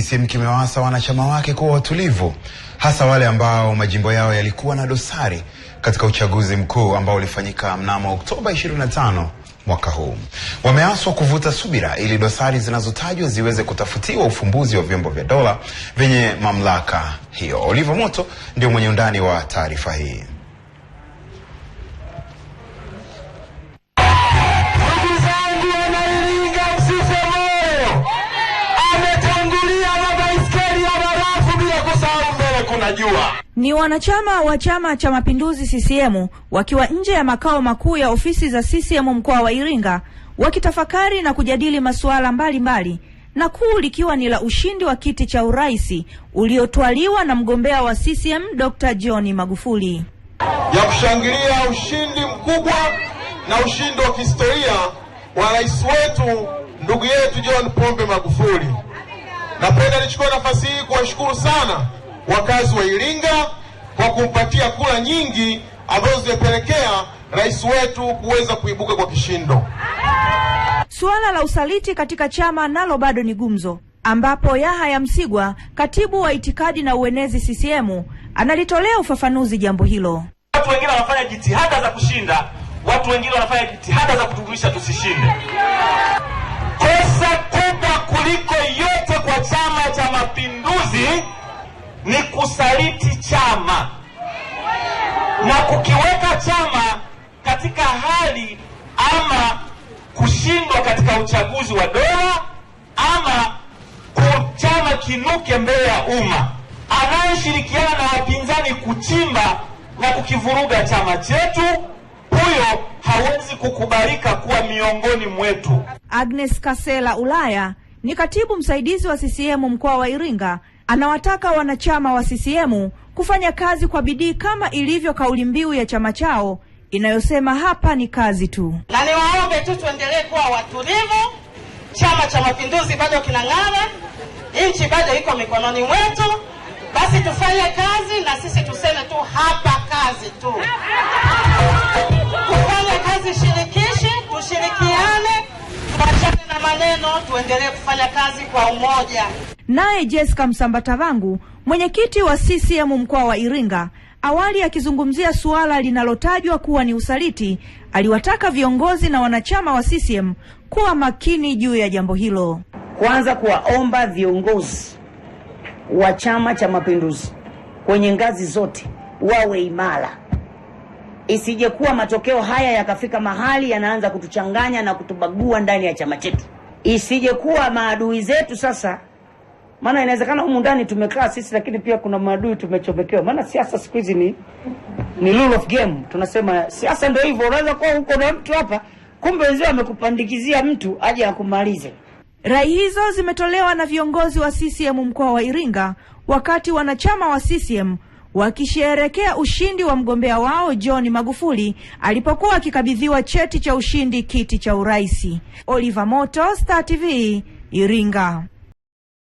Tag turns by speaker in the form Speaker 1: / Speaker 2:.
Speaker 1: CCM kimewasa wanachama wake kuwa watulivu hasa wale ambao majimbo yao yalikuwa na dosari katika uchaguzi mkuu ambao ulifanyika mnamo Oktoba 25 mwaka huu. Wameaswa kuvuta subira ili dosari zinazotajwa ziweze kutafutiwa ufumbuzi wa vyombo vya dola vyenye mamlaka hiyo. Olivo Moto ndio mwenye undani wa taarifa hii.
Speaker 2: unajua. Ni wanachama wa Chama cha Mapinduzi CCM wakiwa nje ya makao makuu ya ofisi za CCM mkoa wa Iringa wakitafakari na kujadili masuala mbalimbali na kuu likiwa ni la ushindi wa kiti cha urais uliotwaliwa na mgombea wa CCM Dr. John Magufuli,
Speaker 3: ya kushangilia ushindi mkubwa na ushindi wa kihistoria wa rais wetu ndugu yetu John Pombe Magufuli. Napenda nichukue nafasi hii kuwashukuru sana wakazi wa Iringa kwa kumpatia kura nyingi ambazo zimepelekea rais wetu kuweza kuibuka kwa kishindo.
Speaker 2: Suala la usaliti katika chama nalo bado ni gumzo, ambapo Yahaya Msigwa, katibu wa itikadi na uenezi CCM, analitolea ufafanuzi jambo hilo.
Speaker 4: Watu wengine wanafanya jitihada za kushinda, watu wengine wanafanya jitihada za kutugulisha tusishinde. Kosa kubwa kuliko ni kusaliti chama na kukiweka chama katika hali ama kushindwa katika uchaguzi wa dola ama chama kinuke mbele ya umma. Anayeshirikiana na wapinzani kuchimba na kukivuruga chama chetu, huyo hawezi kukubalika kuwa miongoni mwetu.
Speaker 2: Agnes Kasela Ulaya ni katibu msaidizi wa CCM mkoa wa Iringa. Anawataka wanachama wa CCM kufanya kazi kwa bidii kama ilivyo kauli mbiu ya chama chao inayosema hapa ni kazi tu,
Speaker 5: na niwaombe tu tuendelee kuwa watulivu. Chama cha Mapinduzi bado kinang'ara, nchi bado iko mikononi mwetu. Basi tufanye kazi na sisi tuseme tu hapa kazi tu. maneno, tuendelee kufanya kazi kwa umoja.
Speaker 2: Naye Jessica Msambatavangu, mwenyekiti wa CCM mkoa wa Iringa, awali akizungumzia suala linalotajwa kuwa ni usaliti, aliwataka viongozi na wanachama wa CCM kuwa makini juu ya jambo hilo.
Speaker 6: Kwanza kuwaomba viongozi wa Chama cha Mapinduzi kwenye ngazi zote wawe imara, isijekuwa matokeo haya yakafika mahali yanaanza kutuchanganya na kutubagua ndani ya chama chetu isije kuwa maadui zetu sasa. Maana inawezekana humu ndani tumekaa sisi, lakini pia kuna maadui tumechomekewa. Maana siasa siku hizi ni ni rule of game, tunasema siasa ndio hivyo. Unaweza kuwa huko na mtu hapa, kumbe wenzao wamekupandikizia mtu aje akumalize.
Speaker 2: Rai hizo zimetolewa na viongozi wa CCM mkoa wa Iringa wakati wanachama wa CCM wakisherekea ushindi wa mgombea wao John Magufuli alipokuwa akikabidhiwa cheti cha ushindi kiti cha urais. Oliver Moto, Star TV, Iringa.